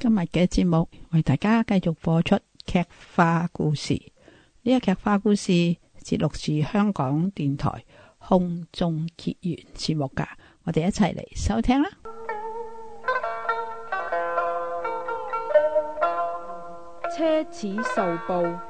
今日嘅節目為大家繼續播出劇化故事，呢、這、一、個、劇化故事節錄自香港電臺空中結緣節目噶，我哋一齊嚟收聽啦。奢侈受報。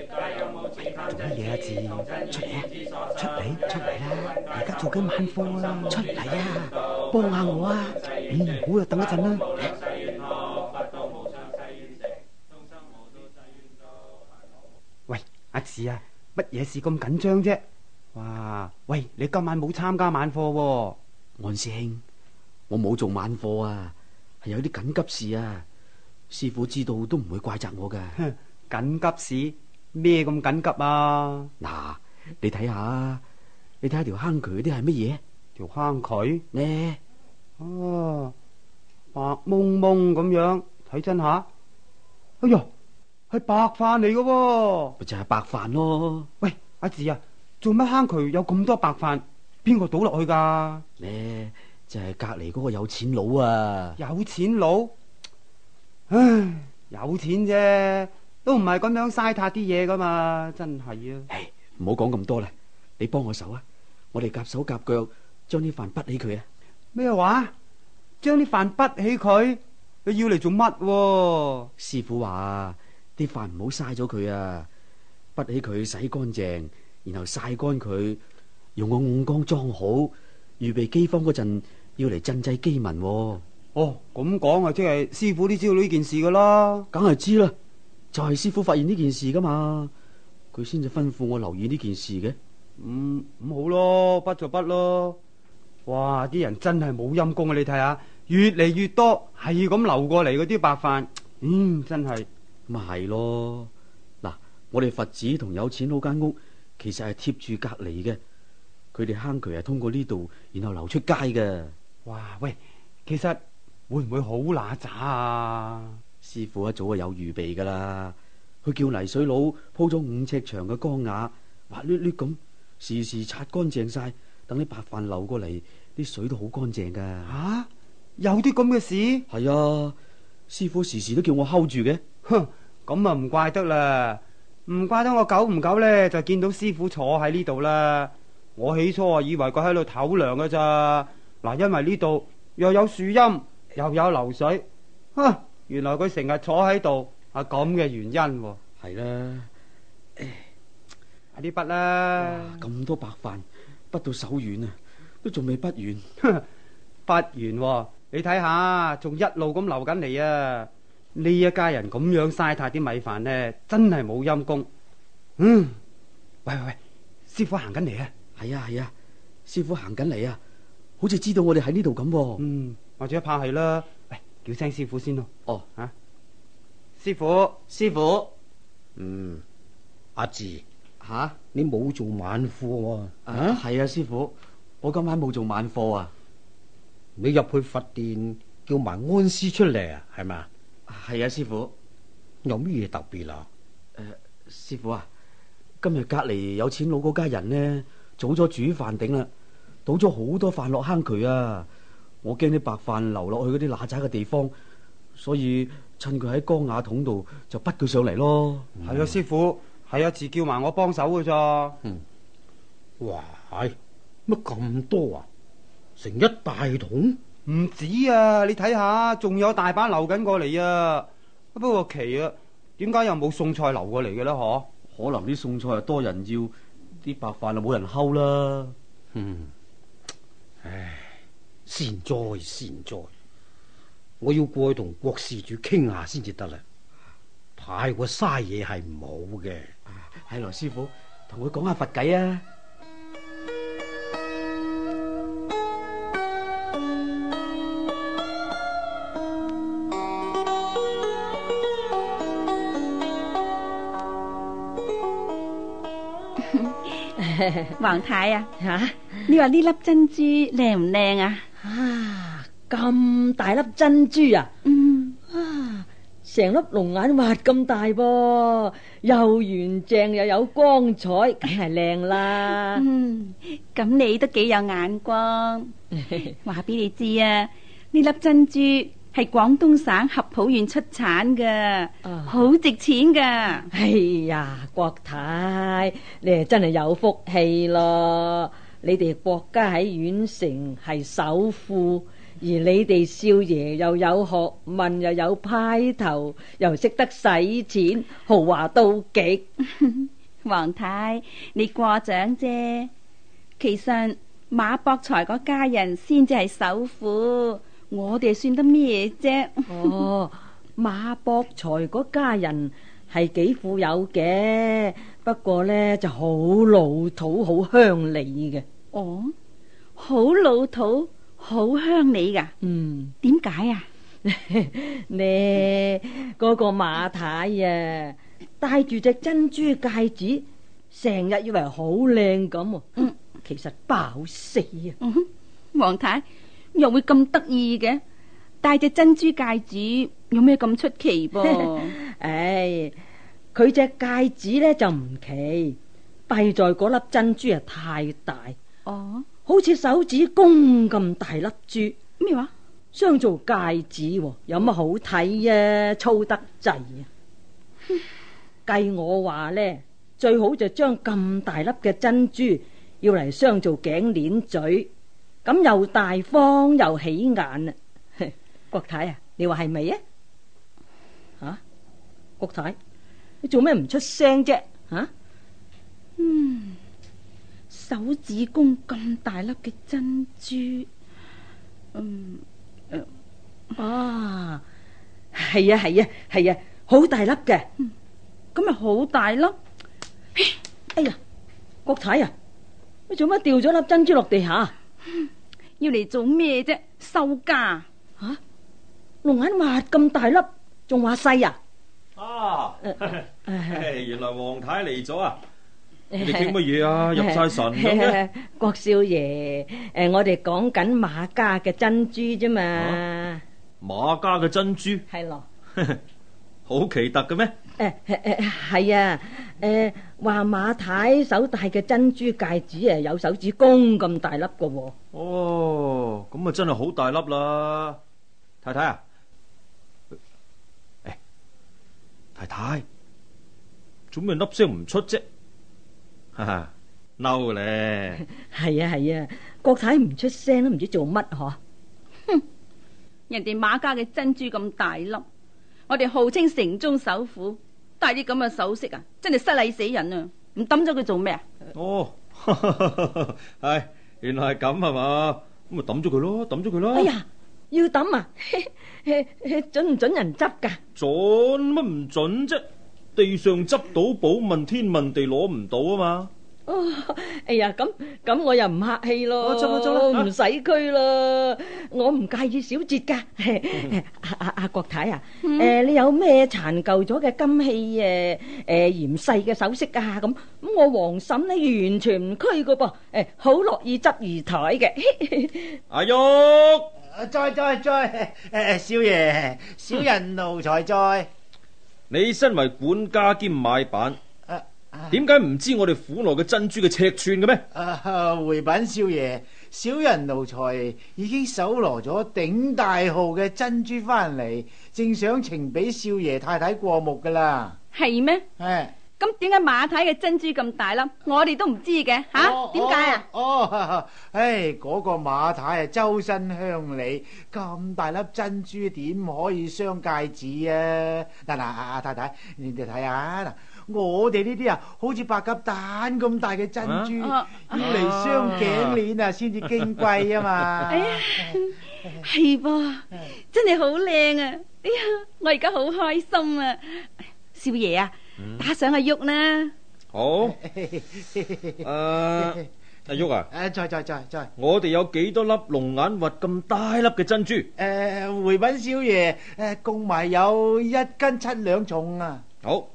阿志，出嚟啊！出嚟、啊，出嚟啦！而家、啊、做緊晚課啦、啊！出嚟啊！幫下我啊！嗯，好啊，等一陣啦、啊。喂，阿志啊，乜嘢事咁緊張啫？哇！喂，你今晚冇參加晚課喎、啊。安師兄，我冇做晚課啊，係有啲緊急事啊。師傅知道都唔會怪責我噶。緊急事。咩咁緊急啊？嗱、啊，你睇下，你睇下條坑渠啲係乜嘢？條坑渠呢？啊，白蒙蒙咁樣，睇真下。哎呀，係白飯嚟噶喎！咪就係白飯咯。喂，阿志啊，做乜、啊、坑渠有咁多白飯？邊個倒落去噶？呢、啊？就係隔籬嗰個有錢佬啊！有錢佬，唉，有錢啫。都唔係咁樣嘥塌啲嘢噶嘛，真係啊！唉，唔好講咁多啦，你幫我手啊！我哋夾手夾腳將啲飯潷起佢啊！咩話？將啲飯潷起佢，你要嚟做乜？師傅話啲飯唔好嘥咗佢啊！潷起佢洗乾淨，然後曬乾佢，用個五缸裝好，預備饑荒嗰陣要嚟賑濟饑民。哦，咁講啊，即係師傅都知道呢件事噶啦，梗係知啦。就係師傅發現呢件事噶嘛，佢先至吩咐我留意呢件事嘅。咁咁、嗯嗯、好咯，不就不咯。哇，啲人真係冇陰功啊！你睇下，越嚟越多係咁流過嚟嗰啲白飯。嗯，真係，咪係咯。嗱、就是，我哋佛寺同有錢佬間屋其實係貼住隔籬嘅，佢哋坑渠係通過呢度，然後流出街嘅。哇，喂，其實會唔會好乸渣啊？師傅一早啊有預備噶啦，佢叫泥水佬鋪咗五尺長嘅江瓦，滑捋捋咁，時時擦乾淨晒。等啲白飯流過嚟，啲水都好乾淨噶。吓、啊，有啲咁嘅事？係啊，師傅時時都叫我睺住嘅。哼，咁啊唔怪得啦，唔怪得我久唔久呢，就見到師傅坐喺呢度啦。我起初啊以為佢喺度唞涼噶咋。嗱，因為呢度又有樹蔭，又有流水，吓。原來佢成日坐喺度，係咁嘅原因喎。係啦，唉，快啲筆啦。咁多白飯，筆到手軟啊，都仲未筆完，筆完喎。你睇下，仲一路咁流緊嚟啊！呢一家人咁樣嘥晒啲米飯呢，真係冇陰功。嗯，喂喂喂，師傅行緊嚟啊！係啊，係啊，師傅行緊嚟啊，好似知道我哋喺呢度咁。嗯，或者怕係啦。叫聲師傅先咯。哦吓、啊，師傅，師傅。嗯，阿志吓，你冇做晚課喎。啊，係啊，師傅，我今晚冇做晚課啊。你入去佛殿叫埋安師出嚟啊，係咪啊？係啊，師傅。有咩嘢特別啊？誒、啊，師傅啊，今日隔籬有錢佬嗰家人呢，早咗煮飯頂啦，倒咗好多飯落坑渠啊。我驚啲白飯流落去嗰啲乸渣嘅地方，所以趁佢喺缸瓦桶度就逼佢上嚟咯。係啊、嗯，師傅係一次叫埋我幫手㗎咋。嗯，哇，乜咁多啊？成一大桶？唔止啊！你睇下，仲有大把流緊過嚟啊！不過奇啊，點解又冇餸菜流過嚟嘅呢？嗬？可能啲餸菜又多人要，啲白飯就冇人睺啦。嗯，唉。善哉善哉，我要過去同國事主傾下先至得啦，太過嘥嘢係唔好嘅。係羅、 啊、師傅同佢講下佛偈啊！ 王太啊，吓、啊、你話呢粒珍珠靚唔靚啊？啊！咁大粒珍珠啊！嗯，啊，成粒龍眼核咁大噃，啊，又圓正又有光彩，梗係靚啦！嗯，咁你都幾有眼光。 話俾你知啊，呢粒珍珠係廣東省合浦縣出產噶，好、啊、值錢噶。哎呀，郭太，你真係有福氣咯！你哋國家喺縣城係首富，而你哋少爺又有學問，又有派頭，又識得使錢，豪華到極。皇 太，你過獎啫。其實馬博才個家人先至係首富，我哋算得咩啫？ 哦，馬博才個家人係幾富有嘅。不過咧，就好老土、好鄉里嘅。哦，好老土、好鄉里噶。嗯，點解啊？ 你嗰個馬太啊，戴住隻珍珠戒指，成日以為好靚咁。嗯，其實爆死啊、嗯！王太又會咁得意嘅，戴隻珍珠戒指有咩咁出奇噃？唉、 哎。佢隻戒指咧就唔奇，弊在嗰粒珍珠啊太大哦，好似手指公咁大粒珠，咩話？鑲做戒指有乜好睇啊？粗得滯啊！計我話咧，最好就將咁大粒嘅珍珠要嚟鑲做頸鏈嘴，咁又大方又起眼啦，郭太啊，你話係咪啊？吓，郭太。你做咩唔出聲啫？啊，嗯，手指公咁大粒嘅珍珠，嗯，啊，係啊，係啊，係啊，好大粒嘅，咁咪好大粒。哎呀，郭太啊，你做咩掉咗粒珍珠落地下？要嚟做咩啫？收家啊？龍眼核咁大粒，仲話細啊？啊！原來黃太嚟咗啊！你哋傾乜嘢啊？入晒神咁嘅？郭少爺，誒，我哋講緊馬家嘅珍珠啫嘛。馬家嘅珍珠係咯，好奇特嘅咩？誒誒誒，係啊！誒，話馬太手戴嘅珍珠戒指啊，有手指公咁大粒㗎喎。哦，咁啊，真係好大粒啦，太太啊！太太，做咩粒聲唔出啫？哈 哈，嬲咧、 啊！係啊係啊，國太唔出聲都唔知做乜嗬。哼， 人哋馬家嘅珍珠咁大粒，我哋號稱城中首富，戴啲咁嘅首飾啊，真係失禮死人啊！唔抌咗佢做咩啊？ 哦，係 、哎，原來係咁係嘛，咁咪抌咗佢咯，抌咗佢啦！哎呀！要抌啊，准唔准人執噶？准乜唔准啫？地上執到寶，問天問地攞唔到啊嘛！哦，哎呀，咁咁我又唔客氣咯，我唔使拘啦，我唔介意小節噶。阿阿阿國太啊，誒，你有咩殘舊咗嘅金器誒誒，嫌細嘅首飾啊？咁咁，我黃嬸呢完全唔拘噶噃，誒，好樂意執儀台嘅。阿玉。啊、再再在，少、啊、爺，小人奴才在。你身為管家兼買辦，點解唔知我哋府內嘅珍珠嘅尺寸嘅咩，啊？回稟少爺，小人奴才已經搜羅咗頂大號嘅珍珠翻嚟，正想呈俾少爺太太過目噶啦。係咩嗎？誒、啊。咁點解馬太嘅珍珠咁大粒？我哋都唔知嘅，吓，點解啊？哦哦哦！唉，嗰個馬太啊，周身香里，咁大粒珍珠點可以鑲戒指啊？嗱嗱阿太太，你哋睇下嗱，我哋呢啲啊，好似白鴿蛋咁大嘅珍珠，要嚟鑲頸鏈啊，先至矜貴啊嘛！哎呀，係噃，真係好靚啊！哎呀，我而家好開心啊，少爺啊！打上阿旭啦！好，誒，阿旭啊，誒，在在在在。我哋有幾多粒龍眼核咁大粒嘅珍珠？誒，回稟少爺，誒，共埋有一斤七兩重啊！好，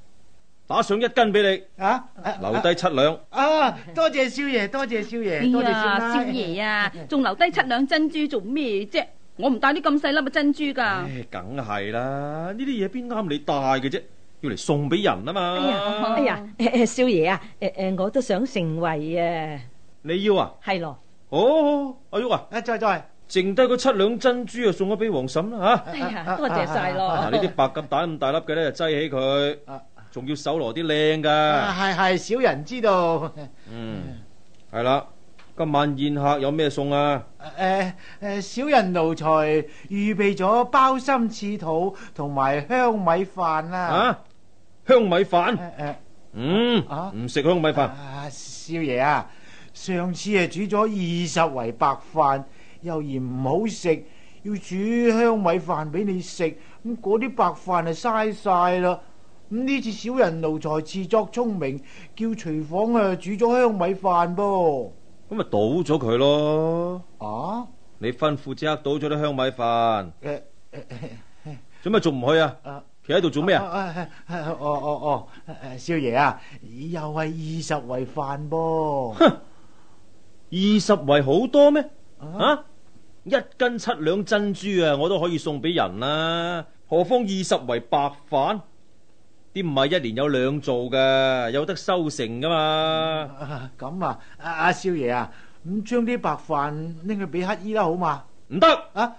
打上一斤俾你，吓，留低七兩。啊，多謝少爺，多謝少爺，多謝少爺啊！仲留低七兩珍珠做咩啫？我唔帶啲咁細粒嘅珍珠噶。梗係啦，呢啲嘢邊啱你帶嘅啫。嚟送俾人啊嘛！哎呀，哎呀，少爺啊，誒誒，我都想成為啊！你要啊？係咯。哦，阿喲啊！再再，剩低嗰七兩珍珠啊，送咗俾黃嬸啦吓。哎呀，多謝晒咯。嗱，呢啲白鴿蛋咁大粒嘅咧，就擠起佢。仲要手羅啲靚噶。係係，小人知道。嗯，係啦。今晚宴客有咩送啊？誒誒，小人奴才預備咗包心翅肚同埋香米飯啦。香米飯，嗯，唔食、啊、香米飯。啊、少爺啊，上次啊煮咗二十圍白飯，又嫌唔好食，要煮香米飯俾你食。咁嗰啲白飯啊嘥晒啦。咁呢次小人奴才自作聰明，叫廚房啊煮咗香米飯噃。咁咪倒咗佢咯。啊？你吩咐即刻倒咗啲香米飯。做咩仲唔去啊？企喺度做咩啊？哦哦哦，少爺啊，又係二十圍飯噃。哼，二十圍好多咩？啊，啊，一斤七兩珍珠啊，我都可以送俾人啦，啊。何況二十圍白飯？啲唔係一年有兩造嘅，有得收成噶嘛？咁、嗯、啊，阿少爺啊，咁將啲白飯拎去俾乞衣啦，好嘛？唔得行啊，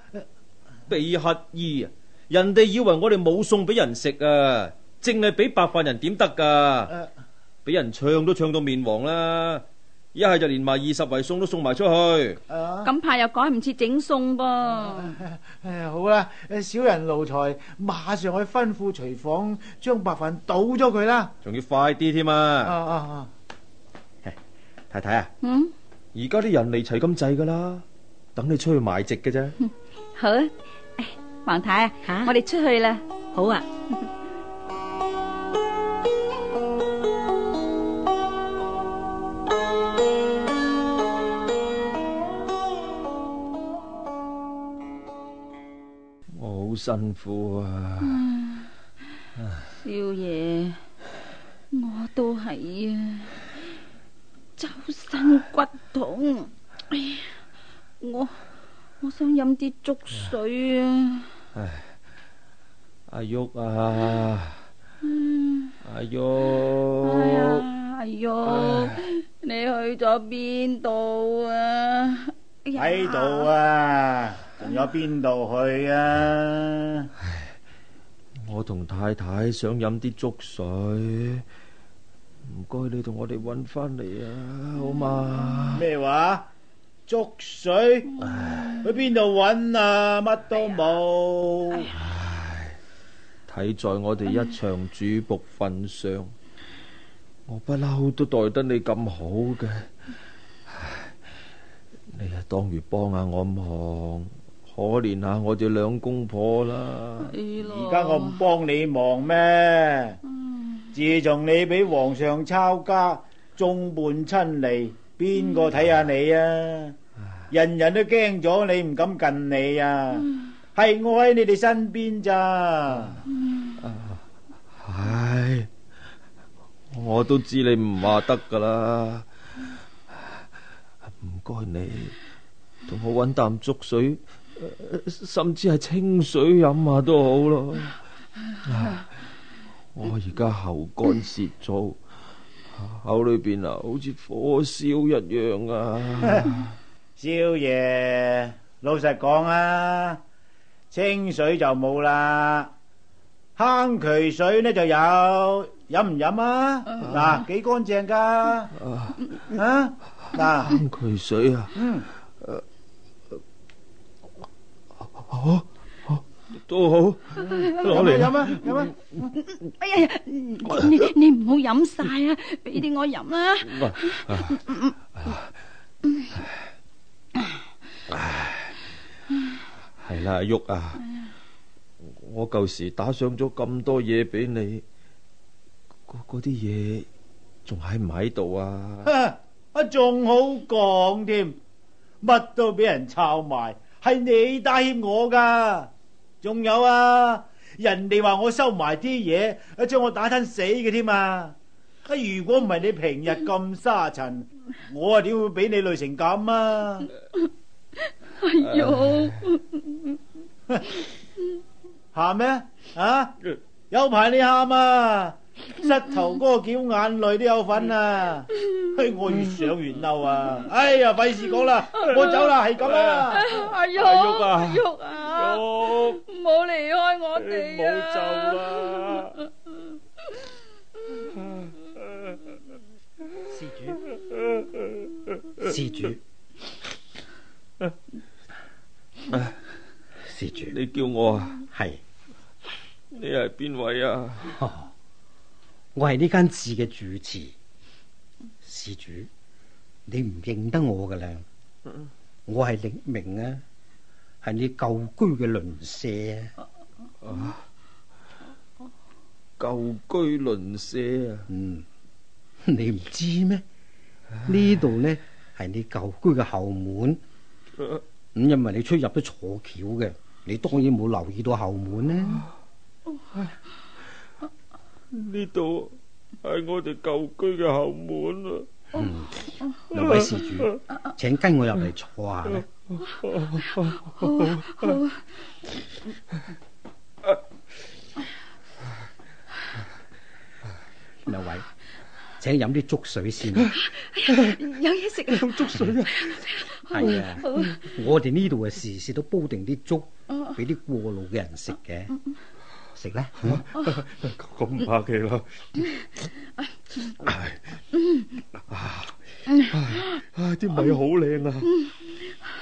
俾乞衣啊！人哋以為我哋冇餸俾人食啊，淨係俾白飯人點得噶？俾、呃、人唱都唱到面黃啦，一係就連埋二十圍餸，都送埋出去。咁、啊、怕又改唔切整餸，噃、啊嗯？好啦，小人奴才馬上去吩咐廚房將白飯倒咗佢啦，仲要快啲添啊，啊！啊啊！Hey, 太太啊，而家啲人嚟齊咁滯噶啦，等你出去買席嘅啫。 好啊。黃太啊，我哋出去啦。好啊。我好辛苦啊，少爺。我都係啊，周身骨痛。哎呀，我我想飲啲粥水啊。唉，阿旭啊，嗯、阿旭玉，阿旭，呀你去咗邊度啊？喺度啊，仲有邊度去啊？我同太太想飲啲粥水，唔該你同我哋搵翻嚟啊，嗯、好嘛嗎？咩話？捉水唉去邊度揾啊？乜都冇。唉，睇唉在我哋一場主僕份上，我不嬲都待得你咁好嘅。唉，你又當如幫下我忙，可憐下我哋兩公婆啦。而家我唔幫你忙咩？自從你俾皇上抄家，眾叛親離。邊個睇下你啊？人人都驚咗你，唔敢近你啊！係我喺你哋身邊咋、嗯啊？唉，我都知你唔話得噶啦，唔、啊、該你同我揾啖粥水，啊、甚至係清水飲下都好咯、啊。我而家喉乾舌燥。嗯口裏邊啊，好似火燒一樣啊！ 少爺，老實講啊，清水就冇啦，坑渠水呢就有，飲唔飲啊？嗱，幾乾淨㗎？啊，嗱、啊，啊、坑渠水啊？嗯啊都好，攞嚟飲啦！飲啦！哎呀呀，你你唔好飲晒啊！俾啲我飲啦！係啦，旭啊，我舊時打賞咗咁多嘢俾你，嗰嗰啲嘢仲喺唔喺度啊？啊仲好講添，乜都俾人抄埋，係你帶欠我噶。仲有啊！人哋話我收埋啲嘢，將我打親死嘅添啊！啊，如果唔係你平日咁沙塵，我啊點會俾你累成咁啊！哎喲呦，喊咩 啊？嗯、有排你喊啊！膝頭哥叫眼淚都有份啊！嘿、哎，我越想越嬲啊！哎呀，費事講啦，我走啦，係咁啦，阿玉，阿喐啊，喐唔好離開我哋啊！唔好走啊！施主，施主，啊，施主，你叫我啊！係呢間寺嘅住持。施主，你唔認得我噶啦？我係匿名啊，係你舊居嘅鄰舍啊！舊、啊、居鄰舍啊？嗯，你唔知咩？呢度唉呢，係你舊居嘅後門，咁因為你出入都坐轎嘅，你當然冇留意到後門呢、啊。呢度係我哋舊居嘅後門啊！嗯，兩位事主，請跟我入嚟坐下咧。好，好、啊，好，兩位，請飲啲粥水先、啊有。有嘢食啊！飲粥水啊！係、嗯、好啊，好我哋呢度嘅時時都煲定啲粥俾啲過路嘅人食嘅。食咧，咁唔怕忌啦。啊！啲米好靚啊，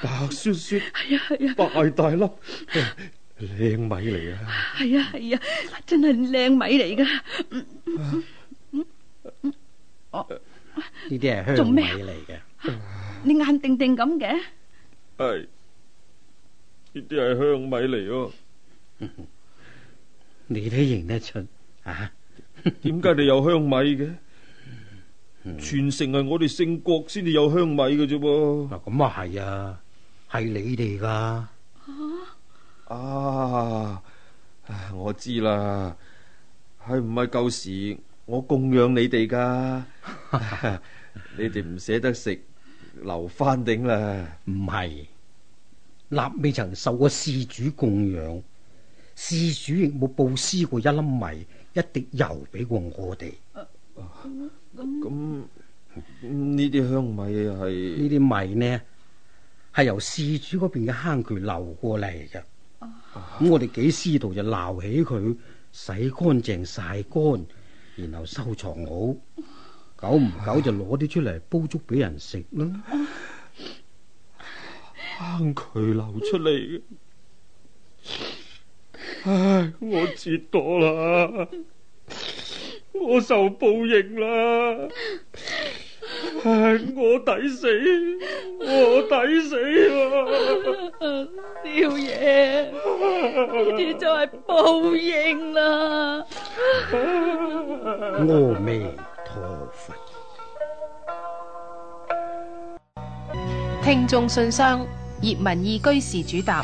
白雪雪，係啊係啊，大大粒，靚米嚟啊！係啊係啊，真係靚米嚟噶。哦，呢啲係香米嚟嘅。你眼定定咁嘅？係，呢啲係香米嚟啊。你都認得出啊？點 解你有香米嘅？嗯嗯、全城係我哋聖國先至有香米嘅啫噃。嗱，咁啊係啊，係你哋噶。啊啊！我知啦，係唔係舊時我供養你哋噶、啊？你哋唔捨得食，留翻頂啦。唔係，啊啊啊，立未曾受過施主供養。事主亦冇布施過一粒米，一滴油俾過我哋。咁呢啲香米係，呢啲米呢，係由事主嗰邊嘅坑渠流過嚟嘅。咁、啊、我哋幾師徒就撈起佢，洗乾淨曬乾，然後收藏好。久唔久就攞啲出嚟煲粥俾人食啦。啊、坑渠流出嚟嘅。唉，我折墮啦，我受報應啦，唉，我抵死，我抵死啦，少爺，呢啲就係報應啦。阿彌陀佛，聽眾信箱，葉文義居士主答。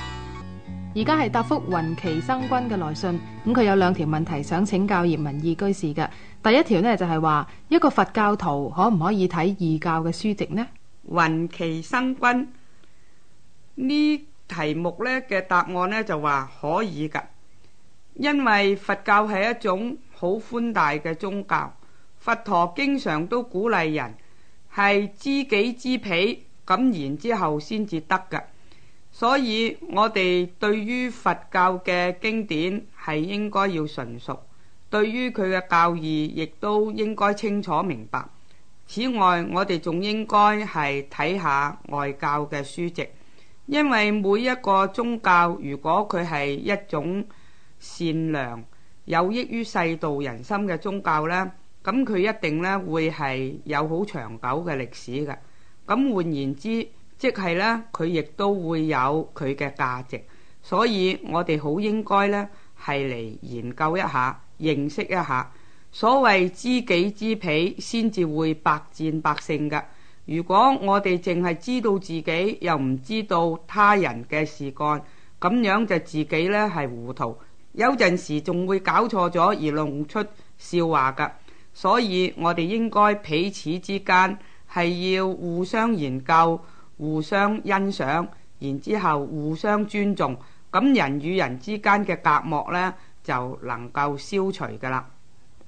而家係答覆雲奇生君嘅來信，咁佢有兩條問題想請教葉民義居士嘅。第一條呢就係話，一個佛教徒可唔可以睇異教嘅書籍呢？雲奇生君呢，題目呢嘅答案呢就話可以噶，因為佛教係一種好寬大嘅宗教，佛陀經常都鼓勵人，係知己知彼咁然之後先至得噶。所以我哋對於佛教嘅經典係應該要純熟，對於佢嘅教義亦都應該清楚明白。此外，我哋仲應該係睇下外教嘅書籍，因為每一個宗教如果佢係一種善良、有益於世道人心嘅宗教呢，咁佢一定呢會係有好長久嘅歷史嘅。咁換言之，即係呢，佢亦都會有佢嘅價值，所以我哋好應該呢，係嚟研究一下，認識一下所謂知己知彼，先至會百戰百勝㗎。如果我哋淨係知道自己又唔知道他人嘅事幹，咁樣就自己呢係糊塗，有陣時仲會搞錯咗而弄出笑話㗎。所以我哋應該彼此之間係要互相研究。互相欣賞，然之後互相尊重，咁人與人之間嘅隔膜呢，就能夠消除噶啦。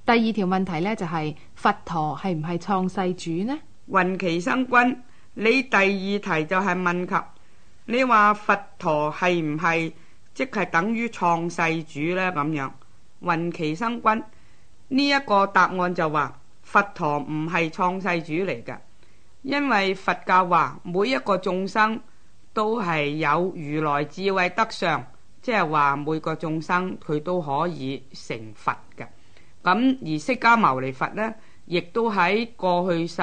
第二條問題呢、就係，就係佛陀係唔係創世主呢？雲奇生君，你第二題就係問及你話佛陀係唔係即係等於創世主呢？」咁樣，雲奇生君呢一、這個答案就話、是、佛陀唔係創世主嚟噶。因為佛教話每一個眾生都係有如來智慧德相，即係話每個眾生佢都可以成佛嘅。咁而釋迦牟尼佛呢，亦都喺過去世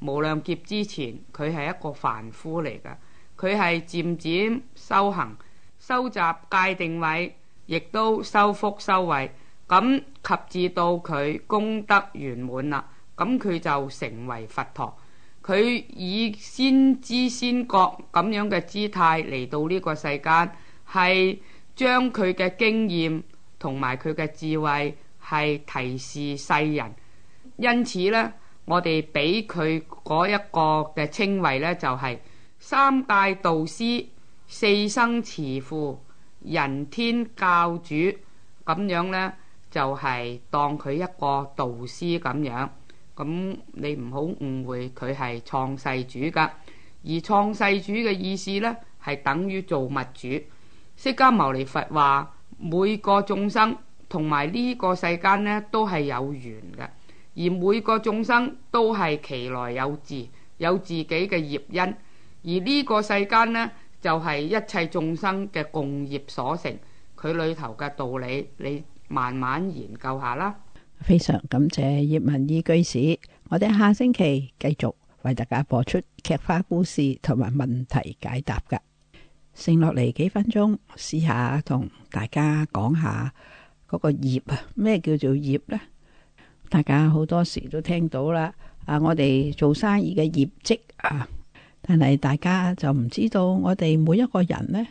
無量劫之前，佢係一個凡夫嚟嘅。佢係漸漸修行、修習戒定慧，亦都修福修慧，咁及至到佢功德圓滿啦，咁佢就成為佛陀。佢以先知先覺咁樣嘅姿態嚟到呢個世界，係將佢嘅經驗同埋佢嘅智慧係提示世人。因此呢，我哋俾佢嗰一個嘅稱謂呢，就係、是、三界導師、四生慈父、人天教主咁樣呢，就係、是、當佢一個導師咁樣。咁你唔好誤會佢係創世主㗎，而創世主嘅意思呢，係等於做物主。釋迦牟尼佛話每個眾生同埋呢個世間呢，都係有緣嘅，而每個眾生都係其來有自，有自己嘅業因，而呢個世間呢，就係一切眾生嘅共業所成。佢裏頭嘅道理，你慢慢研究下啦。非常感謝葉文義居士，我哋下星期繼續為大家播出劇花故事同埋問題解答噶。剩落嚟幾分鐘，試下同大家講下嗰個業啊，咩叫做業呢？大家好多時都聽到啦。啊，我哋做生意嘅業績啊，但係大家就唔知道，我哋每一個人呢，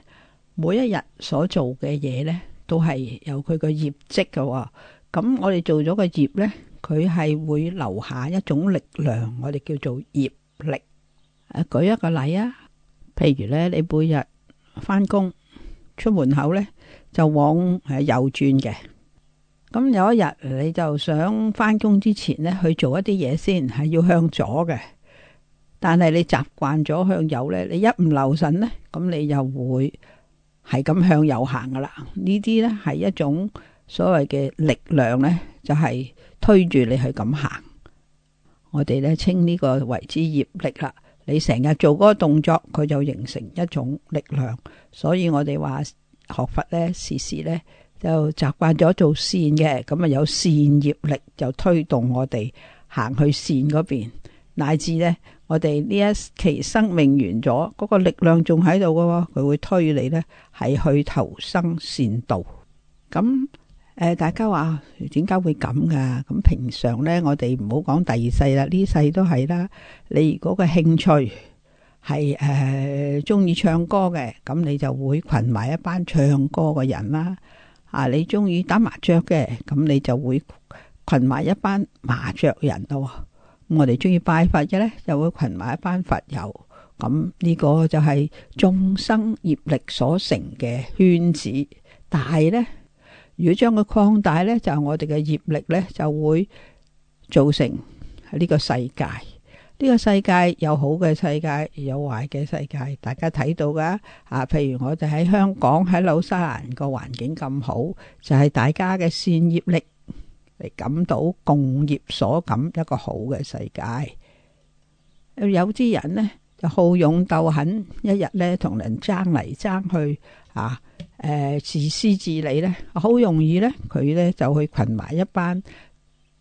每一日所做嘅嘢，呢，都係有佢個業績嘅哦。咁我哋做咗個業呢，佢係會留下一種力量，我哋叫做業力。誒，舉一個例啊，譬如呢，你每日翻工出門口呢就往誒右轉嘅。咁有一日你就想翻工之前呢去做一啲嘢先，係要向左嘅。但係你習慣咗向右呢，你一唔留神呢，咁你又會係咁向右行噶啦。呢啲呢係一種。所謂嘅力量呢，就係推住你去咁行。我哋呢稱呢個為之業力啦。你成日做嗰個動作，佢就形成一種力量。所以我哋話學佛呢，時時呢就習慣咗做善嘅，咁啊有善業力就推動我哋行去善嗰邊，乃至呢，我哋呢一期生命完咗，嗰個力量仲喺度噶，佢會推你呢，係去投生善道。咁。誒，大家話點解會咁噶？咁平常呢，我哋唔好講第二世啦，呢世都係啦。你如果個興趣係誒，中意唱歌嘅，咁你就會群埋一班唱歌嘅人啦。啊，你中意打麻雀嘅，咁你就會群埋一班麻雀人啦。咁我哋中意拜佛嘅呢，就會群埋一班佛友。咁呢個就係眾生業力所成嘅圈子，但係呢。如果將佢擴大呢，就係、我哋嘅業力呢就會造成呢個世界。呢、呢個世界有好嘅世界，有壞嘅世、世界，大家睇到噶。啊，譬如我哋喺香港喺紐西蘭個環境咁好，就係、是、大家嘅善業力嚟，感到共業所感一個好嘅世界。有啲人呢就好勇鬥狠，一日呢同人爭嚟爭去啊！誒，自私自利咧，好容易咧，佢咧就去群埋一班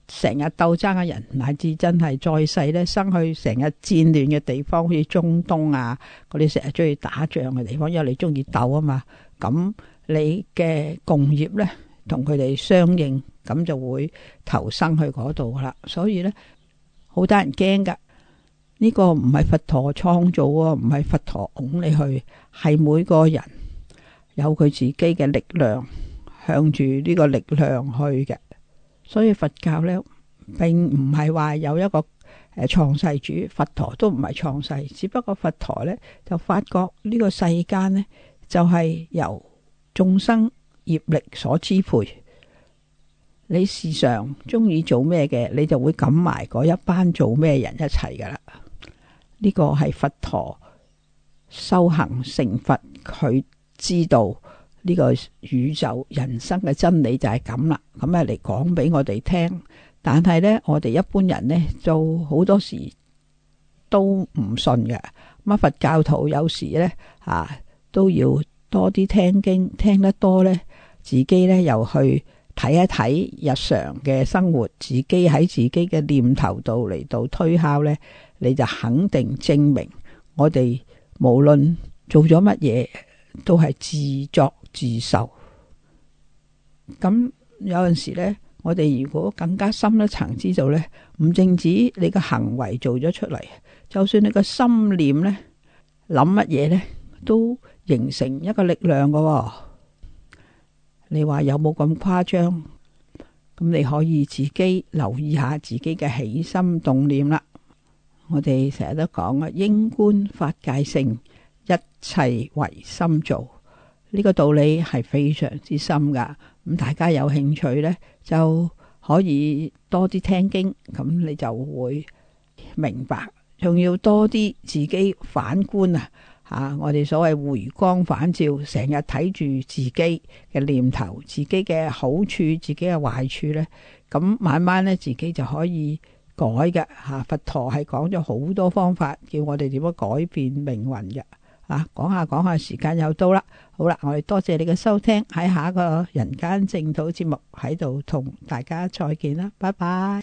成日鬥爭嘅人，乃至真係再世咧生去成日戰亂嘅地方，好似中東啊，嗰啲成日中意打仗嘅地方，因為你中意鬥啊嘛，咁你嘅共業咧同佢哋相應，咁就會投生去嗰度啦。所以咧，好得人驚噶，呢個唔係佛陀創造啊，唔係佛陀拱你去，係每個人。有佢自己嘅力量，向住呢個力量去嘅。所以佛教咧，並唔係話有一個誒創世主，佛陀都唔係創世，只不過佛陀咧就發覺呢個世間咧就係、是、由眾生業力所支配。你時常中意做咩嘅，你就會感埋嗰一班做咩人一齊噶啦。呢、這個係佛陀修行成佛佢，知道呢個宇宙人生嘅真理就係咁啦。咁啊嚟講俾我哋聽，但係呢，我哋一般人呢，就好多時都唔信嘅。乜佛教徒有時呢，啊都要多啲聽經，聽得多呢，自己呢又去睇一睇日常嘅生活，自己喺自己嘅念頭度嚟到推敲呢，你就肯定證明我哋無論做咗乜嘢。都係自作自受。咁有陣時咧，我哋如果更加深一層知道咧，唔淨止你嘅行為做咗出嚟，就算你個心念咧，諗乜嘢咧，都形成一個力量噶。你話有冇咁誇張？咁你可以自己留意下自己嘅起心動念啦。我哋成日都講啊，應觀法界性。一切為心做，呢個道理係非常之深噶。咁大家有興趣呢，就可以多啲聽經，咁你就會明白。仲要多啲自己反觀啊！嚇，我哋所謂回光返照，成日睇住自己嘅念頭、自己嘅好處、自己嘅壞處呢，咁慢慢呢，自己就可以改嘅嚇、啊。佛陀係講咗好多方法，叫我哋點樣改變命運嘅。啊，講下講下，時間又到啦。好啦，我哋多謝你嘅收聽，喺下一個人間正土節目喺度同大家再見啦，拜拜。